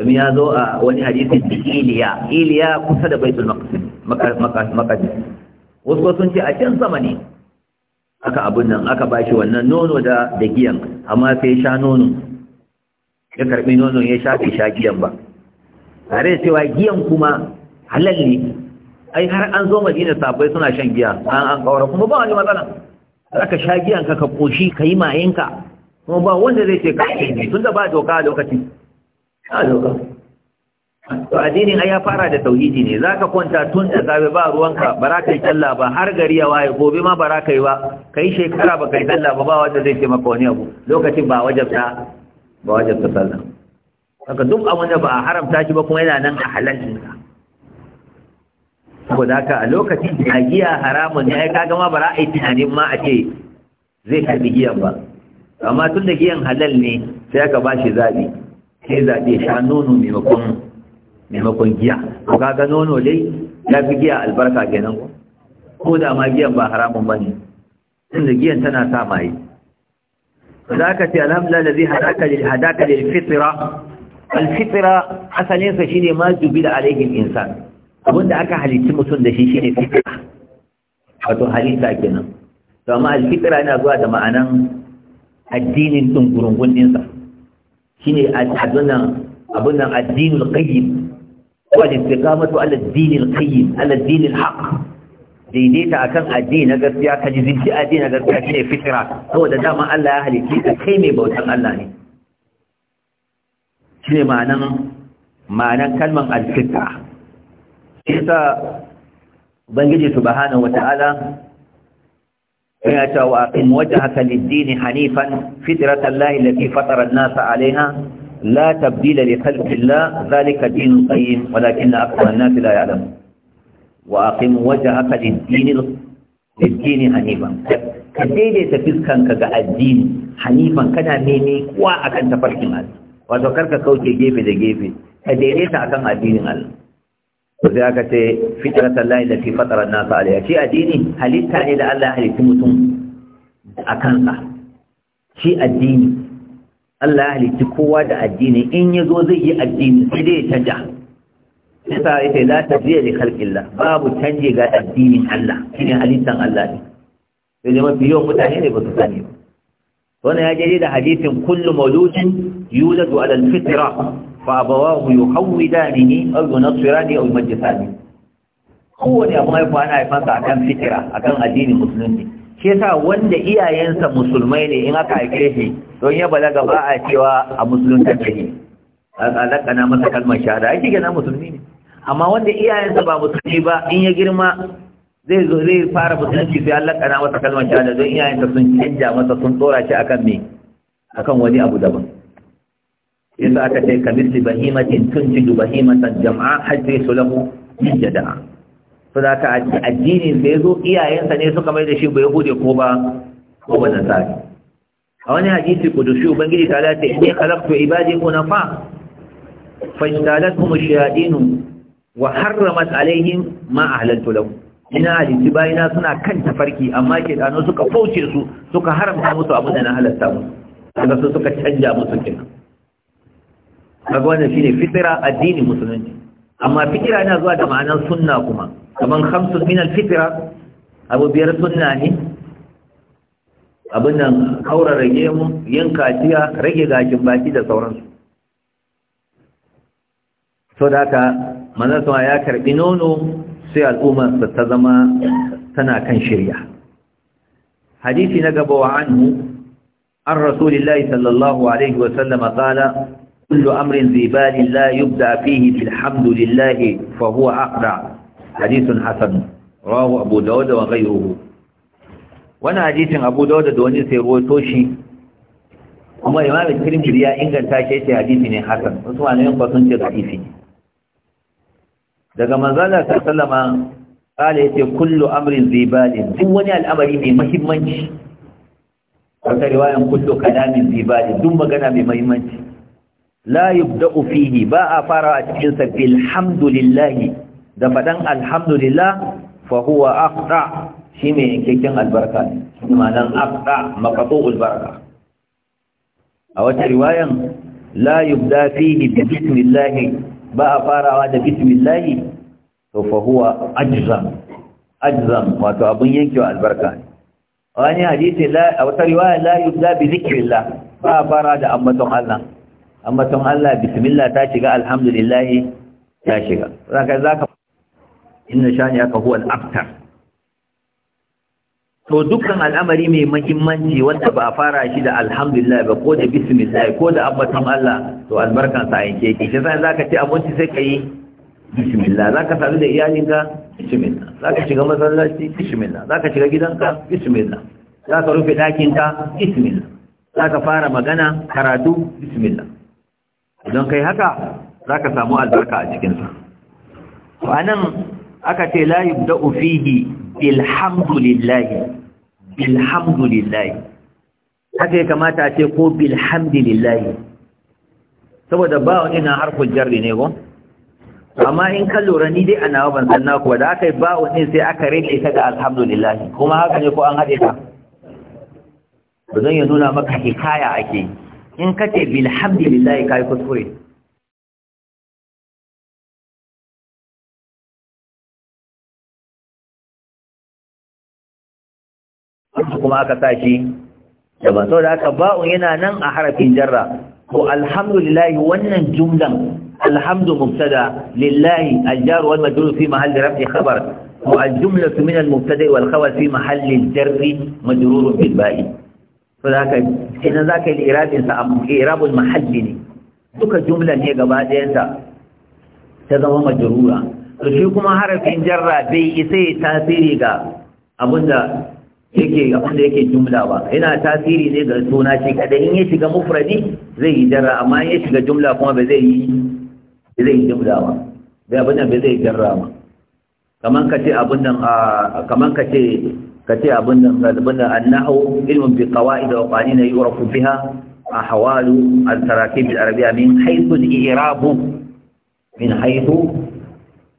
domin ya zo a wani hadisi da iliya iliya kusa da baitul maqdis wasu sun ce a can sama ne aka abun nan aka bashi wannan nono da da giyan amma sai sha nono ya karbi nonon ya sha sha giyan ba tare da cewa giyan kuma halal ne ai har an zo madina sabai suna shan giya an an kawara kuma ba wani matsala aka sha giyan ka ka koshi ka yi mayenka kuma ba wanda zai ce ka ce tun da ba doka a lokacin to addinin ai ya fara da tauhidi ne zaka kwanta tun da zabe ba ruwanka baraka yi sallah ba har gari ya waye gobe ma baraka yi ba kai shekara ba kai talla ba ba wanda zai taimaka wani abu lokacin ba wajabta ba wajabta sallah haka duk abin da ba a haramta shi ba kuma yana nan a halalin ka saboda haka a lokacin a giya haramun ne ai kaga ma bara a yi tunanin ma a ce zai karbi giyan ba amma tun da giyan halal ne sai aka ba shi zabi sai zaɓe sha nono maimakon maimakon giya to kaga nono dai ya fi giya albarka kenan ko ko da ma giyan ba haramun ba ne inda giyan tana sa maye za ka ce alhamdulillah hada zai hadaka da fitira alfitira asalinsa shi ne ma jubi da alaikin insa Wanda aka halitti mutum da shi shi ne fitira wato halitta kenan to amma alfitira yana zuwa da ma'anan addinin ɗin gurungun ɗinsa shine adunan abunan addinul qayyim wa istiqamatu ala addinil qayyim ala addinil haqq daidaita akan addini na gaskiya ka ji zinci addini na gaskiya shine fitra saboda dama Allah ya halice ka kai mai bautan Allah ne shine ne ma'anan kalman al-fitra isa ubangiji subhanahu wata'ala yana cewa aqim wajhaka lid-din hanifan fitratallahi allati fatara an-nasa 'alayha la tabdila li khalqillah dhalika din qayyim walakinna akthara an-nas la ya'lamun wa aqim wajhaka lid-din hanifan ka daidaita fiskanka ga addini hanifan kana nemi kuwa akan tafarkin Allah wato karka kauce gefe da gefe ka akan addinin Allah to sai aka ce fitratan lahi da fi fatarar nasa alaiya shi addini halitta ne da Allah ya halitti mutum a kansa shi addini Allah ya halitti kowa da addini in ya zo zai yi addini sai dai ya canja yasa ya ce la tafiya da khalqillah babu canje ga addinin Allah ne halittan Allah ne sai dai mafi yawan mutane ne ba su sani ba wannan ya je da hadisin kullu mawludin yuladu ala al-fitra fa abawahu yuhawidanihi aw yunsirani aw yumajjisani kowane abu haifa ana haifansa akan fitira akan addinin musulunci Ke sa wanda iyayensa musulmai ne in aka haife shi don ya balaga ba a cewa a musulunta ce ne a na masa kalmar shahada ake gana musulmi ne amma wanda iyayensa ba musulmi ba in ya girma zai zo zai fara musulunci sai Allah kana masa kalmar shahada don iyayensa sun canja masa sun tsora shi akan me akan wani abu daban yasa aka ce ka misli bahimatin tunjiju bahimatan jama'a hajji su lahu min su za ka addinin da ya zo iyayensa ne suka mai da shi ba yahudi ko ba ko ba nasari a wani hadisi kudushi ubangiji ta lati ne khalaqtu ibadi kunafa fajtalathum ash-shayatin wa harramat alaihim ma halartu lahum ina hadisi bayina suna kan tafarki amma ke dano suka fauce su suka haramta musu abin da na halarta musu daga su suka canja musu kenan kaga wannan shine fitra addinin musulunci amma fitra yana zuwa da ma'anar sunna kuma kaman khamsun min al abu biyar sunna ne abin nan kaura rage mu yin kaciya rage gashin baki da sauransu so da haka manasuwa ya karbi nono sai al'ummarsa ta zama tana kan shirya hadisi na gaba wa anhu an rasulillahi sallallahu alaihi wasallama kala كل أمر ذي بال لا يبدأ فيه بالحمد لله فهو أقدع حديث حسن رواه أبو داود وغيره وانا حديث أبو داود دوني سيروي توشي kuma imam al-tirmidhi ya inganta shi ce hadisi ne wasu malamin sun ce daga manzala sallama kala yace kullu amrin zibalin duk wani al'amari mai muhimmanci wata riwayan kullu kalamin zibalin duk magana mai muhimmanci la yubda'u fihi ba a fara a cikin sa bilhamdulillah da fadan alhamdulillah fa huwa aqta shine yankakken albarka ne ma'anan aqta maqtu'ul baraka a wata riwayan la yubda fihi bi bismillah ba a farawa da bismillah to fa huwa ajzam ajzam wato abun yankewa albarka wani hadisi la a wata riwaya la yubda bi zikrillah ba a fara da ambaton Allah ambaton Allah bismillah ta shiga alhamdulillah ta shiga zaka zaka inna shani aka huwa al-aftar to dukkan al'amari mai muhimmanci, wanda ba a fara shi da alhamdulillah ba ko da bismillah ko da abbatan Allah to albarkan sa yake ki sai sai zaka ci abinci sai kai bismillah zaka sadu da iyalinka bismillah zaka shiga masallaci bismillah zaka shiga gidanka bismillah zaka rufe dakinka bismillah zaka fara magana karatu bismillah idan kai haka za ka samu albarka a cikinsa a nan aka ce layi da ufihi bilhamdulillahi bilhamdulillahi haka ya kamata a ce ko bilhamdulillahi saboda ba wani na harkun jarri ne ko amma in kan lura ni dai a nawa ban san kuwa da aka yi ba wani sai aka rike ta da alhamdulillahi kuma haka ne ko an haɗe ta ba zan ya nuna maka hikaya ake yi in ka ce bilhamdulillahi ka yi kuskure kuma aka sa shi daban sau da aka ba'un yana nan a harafin jarra ko alhamdulillahi wannan jumlan alhamdu mubtada lillahi aljaru wal majrur fi mahalli rafi khabar والجملة wal المبتدأ والخبر في محل الجر مجرور ba'i. to da ka kenan za ka yi irabin sa irabul mahalli ne duka jumla ne gaba ɗayanta ta zama majrura to shi kuma harafin jarra bai isa ya tasiri ga abinda yake abinda yake jumla ba yana tasiri ne ga suna shi kada in ya shiga mufradi zai yi jarra amma in ya shiga jumla kuma ba zai yi zai yi jumla ba bai abin bai zai jarra ba Kamar ka ce abin nan ah, ka ce كتي أبن أبن النحو علم بقواعد وقوانين يعرف بها أحوال التراكيب العربية من حيث الإيراب من حيث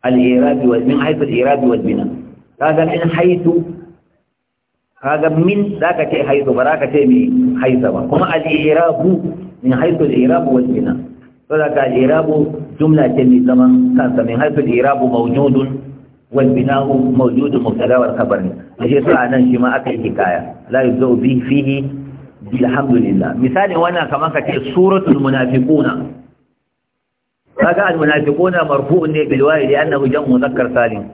الإيراب من حيث الإعراب والبناء هذا من حيث هذا من ذاك شيء حيث براك شيء من حيث وما الإعراب من حيث الإعراب والبناء فذاك الإعراب جملة من زمن كان من حيث الإيراب موجود wal bina'u mawjudu mubtada wal khabar ne shi sa nan shi ma aka yi kaya la yuzau bi fihi alhamdulillah misali wannan kaman ka ce suratul munafiquna kaga al munafiquna marfu'un ne bil wayi annahu jam'u muzakkar salim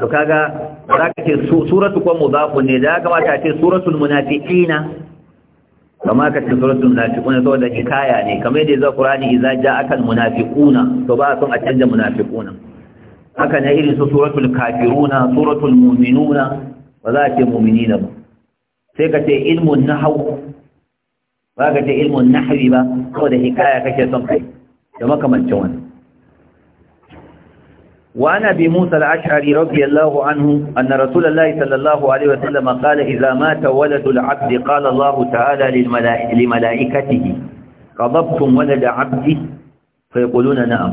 to kaga za ka ce suratu kuma mudafun ne da kamata a ce suratul munafiqina kama ka ce saboda hikaya ne kamar yadda zai Qur'ani idza ja'aka al munafiquna to ba son a canza munafiquna haka ne irin su suratul kafiruna suratul mu'minuna ba za a ce mu'minina ba sai ka ce ilmun nahwu ba ka ce ilmun nahwi ba saboda hikaya kake son kai da makamancin wannan وعن أبي موسى الأشعري رضي الله عنه أن رسول الله صلى الله عليه وسلم قال إذا مات ولد العبد قال الله تعالى لملائكته قبضتم ولد عبدي فيقولون na'am.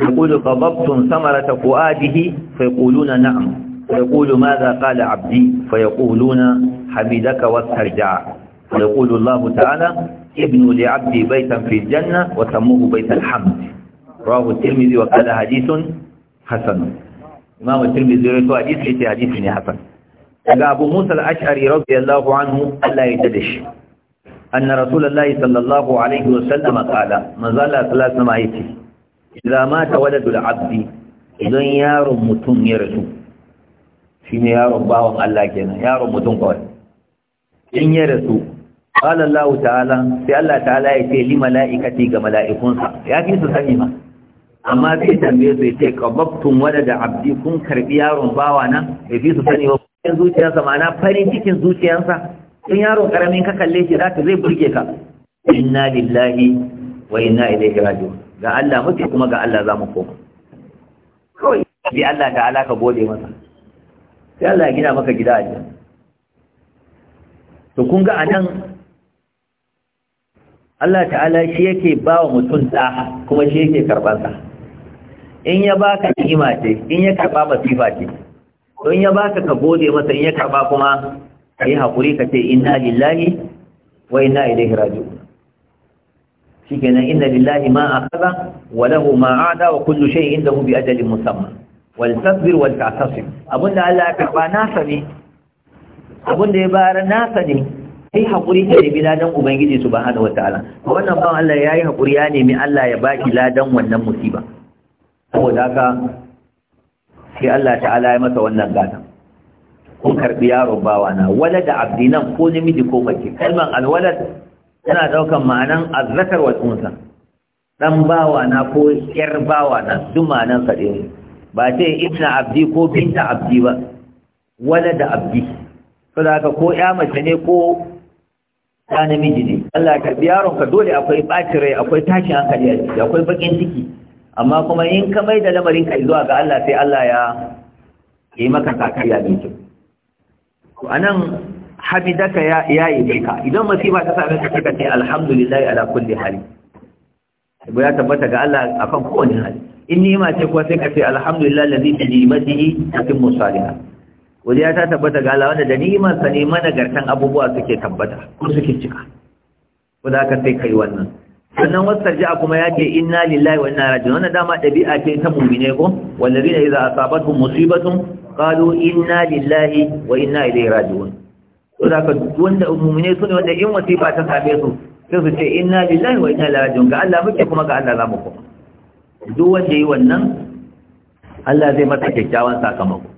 يقول قبضتم ثمرة فؤاده فيقولون نعم فيقول ماذا قال عبدي فيقولون حمدك واسترجع فيقول الله تعالى ابن لعبدي بيتا في الجنة وسموه بيت الحمد رواه الترمذي وقال حديث حسن إمام الترمذي رواه حديث ليس حديث حسن قال أبو موسى الأشعري رضي الله عنه ألا يتدش أن رسول الله صلى الله عليه وسلم قال ما زال ثلاث ما يتي idza mata waladul abdi idan yaron mutum ya rasu Shi ne yaron bawan Allah kenan yaron mutum kawai in ya rasu qala Allah ta'ala sai Allah ta'ala ya ce li malaikati ga mala'ikunsa ya fi su sani ma amma zai tambaye su ce, yace wadda da abdi kun karbi yaron bawa nan bai fi su sani ba zuciyarsa ma'ana farin cikin zuciyarsa in yaron karamin ka kalle shi za ka zai burge ka inna lillahi wa inna ilaihi raji'un ga Allah muke kuma ga Allah za mu koma kawai bi Allah ta'ala ka gode masa sai Allah gina maka gida a to kun ga anan Allah ta'ala shi yake ba wa mutum ta kuma shi yake karɓar in ya baka ni'ima ce in ya karɓa masifa ce to in ya baka ka gode masa in ya karɓa kuma yi haƙuri ka ce inna lillahi wa inna ilaihi raji'un shikenan inna lillahi ma a kaza. lahu ma a'da wa kullu inda indahu bi ajalin musamma wal tasbir wal ta'tasib abunda Allah ya karba nasa ne abunda ya bayar nasa ne Ya yi hakuri ka nemi ladan ubangiji ala. wataala wannan ban Allah ya yi hakuri ya nemi Allah ya baki ladan wannan musiba saboda haka sai Allah ta'ala ya masa wannan gata kun karbi yaro bawana walada abdinan ko namiji ko mace kalman alwalad yana ɗaukan ma'anan azzakar wa tsunsa ɗan bawa na ko ƴar bawa na duk ma'anan sa ɗaya ba ce ibna abdi ko binta abdi ba wala da abdi da haka ko ya mace ne ko ya namiji ne Allah ka bi yaron ka dole akwai ɓacin rai akwai tashin hankali a ciki akwai baƙin ciki amma kuma in ka mai da lamarin ka zuwa ga Allah sai Allah ya yi maka ya mai kyau anan hamidaka ya yi ka idan masifa ta same ka kika ce alhamdulillahi ala kulli hali ko ya tabbata ga Allah a akan kowane hali in ni ma ce kuwa sai ka ce alhamdulillahi alladhi bi ni'matihi tatimmu salihah wani ya ta tabbata ga Allah wanda da ni'imar sa ne gartan abubuwa suke tabbata ko suke cika ko da ka sai kai wannan sannan wasu wasarja kuma ya ce inna lillahi wa inna ilaihi raji'un wannan dama ɗabi'a ce ta mu'mine ko wallazina idza asabatuhum musibatun qalu inna lillahi wa inna ilaihi raji'un to da ka wanda mummune su ne wanda in wasifa ta same su sai su ce inna lillahi wa inna ilaihi raji'un ga Allah muke kuma ga Allah za mu koma duk wanda yi wannan Allah zai masa kyakkyawan sakamako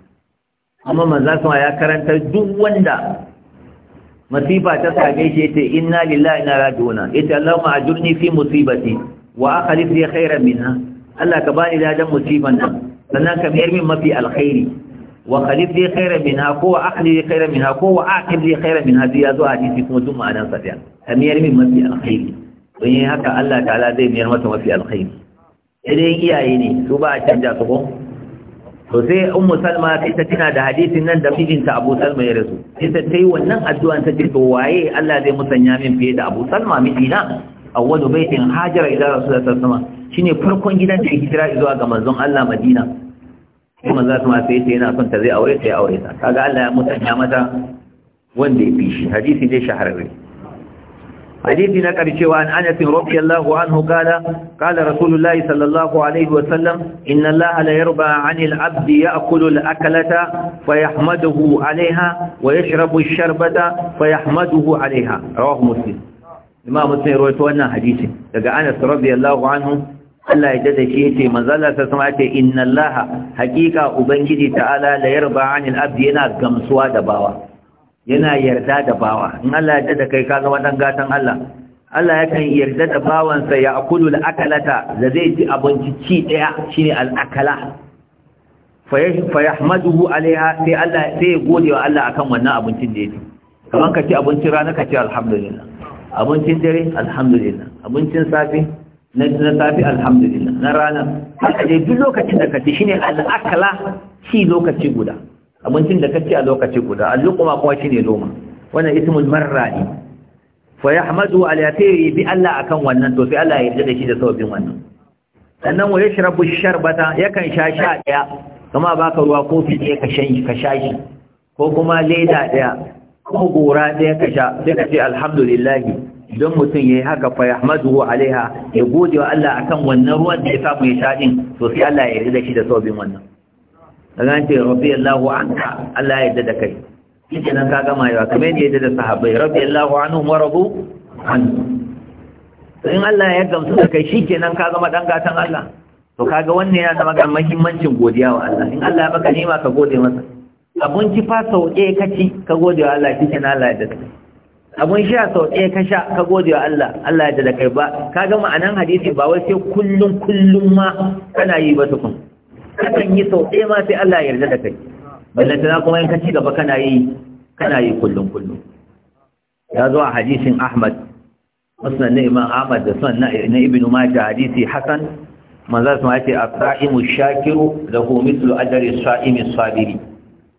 amma manzo sama ya karanta duk wanda masifa ta same shi yace inna lillahi inna raji'un yace Allahumma ajurni fi musibati wa akhlif li khairan minha Allah ka bani da dan musiban nan sannan ka mayar min mafi alkhairi wa khalid li khairan minha ko wa akhli li khairan minha ko wa yazo hadisi kuma duk ma'anar sa ɗaya kamiyar min mafi alkhairi don yin haka Allah ta'ala zai miyar masa mafi alkhairi idan iyaye ne su ba a canja su ko to sai tana da hadisin nan da mijinta abu salma ya rasu sai tayi wannan addu'an ta ce to waye Allah zai musanya min fiye da abu salma mijina awwalu baitin hajara ila rasulullahi sallallahu alaihi wasallam shine farkon gidan da hijira zuwa ga manzon Allah Madina sai manzo kuma sai yace yana son ta zai aure ta ya aure ta kaga Allah ya mutanya mata wanda ya fi shi hadisi ne shahararri hadisi na karshe wa an Anas radiyallahu anhu kala kala Rasulullahi sallallahu alaihi wa sallam inna Allah la yarba 'anil 'abdi ya'kulu al-aklata fa yahmaduhu 'alayha wa yashrabu ash-sharbata fa yahmaduhu 'alayha rawahu Muslim Imam Muslim rawaito wannan hadisi daga Anas radiyallahu anhu Allah ya dada shi yace manzo ta sama yace inna Allah haqiqa ubangiji ta'ala la yarba 'anil abdi yana gamsuwa da bawa yana yarda da bawa in Allah ya dada kai ka zama dan gatan Allah Allah yakan yarda da bawansa ya akulu al-akalata da zai ci abinci ci daya shine al-akala fa yahmaduhu alaiha sai Allah sai ya gode wa Allah akan wannan abincin da ya yake kaman ka ci abincin rana ka ci alhamdulillah abincin dare alhamdulillah abincin safe na safi alhamdulillah na rana haka dai duk lokacin da ka ci shine al'akala ci lokaci guda abincin da ka ci a lokaci guda al kuma shine loma wannan ismul marra ne fa yahmadu al-yatiri bi Allah akan wannan to sai Allah ya yarda da shi da sabbin wannan sannan wa yashrabu sharbata yakan sha sha daya kama baka ruwa kofi ɗaya ka shan ka sha shi ko kuma leda daya ko gora daya ka sha sai ka ce alhamdulillah Don mutum ya yi haka fa yahmaduhu alaiha ya gode wa Allah akan wannan ruwan da ya samu ya sha din to sai Allah ya yarda shi da sabbin wannan daga ce rabbi Allahu anka Allah ya yarda da kai kike nan ka gama yawa kamar yadda ya yarda da sahabbai rabbi Allahu anhum wa radu anhu to in Allah ya gamsu da kai shikenan ka gama dan gatan Allah to kaga wannan yana da magana muhimmancin godiya wa Allah in Allah ya baka nema ka gode masa abun ki fa sau kaci ka gode wa Allah shikenan Allah ya yarda da kai Abin sha sau ɗaya ka sha ka gode wa Allah Allah ya da kai ba ka gama a nan hadisi ba wai sai kullum kullum ma kana yi ba tukun kakan yi sau ɗaya ma sai Allah ya yarda da kai ballanta na kuma in ka ci gaba kana yi kana yi kullum kullum ya zo a hadisin Ahmad musnad na Imam Ahmad da sunan na Ibn Majah hadisi Hasan manzo sun ce as-sa'imu shakiru lahu mithlu ajri as-sa'imi as-sabiri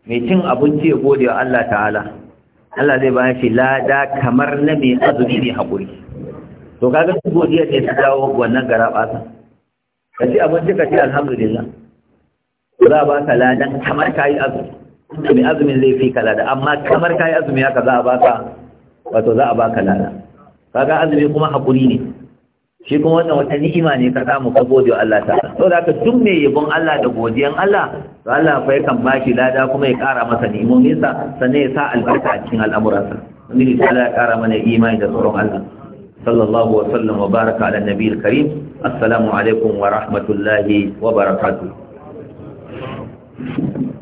mai cin abinci ya gode wa Allah ta'ala Allah zai bayan shi lada kamar na mai azumi mai haƙuri to kaga su godiya ne su dawo wannan gara ɓasa ka ci abinci ka ce alhamdulillah za a ba ka ladan kamar ka yi azumi inda mai azumin zai fi ka lada amma kamar ka yi azumi haka za a ba ka wato za a ba ka lada kaga azumi kuma haƙuri ne shi kuma wannan wata ni'ima ne ka samu ka gode wa Allah ta'ala to da ka duk mai yabon Allah da godiyan Allah to Allah fa yakan bashi lada kuma ya kara masa ni'imomin sa sannan ya sa albarka a cikin al'amuransa ni Allah ya kara mana imani da tsoron Allah sallallahu wa sallam wa baraka ala nabiyil karim assalamu alaikum wa rahmatullahi wa barakatuh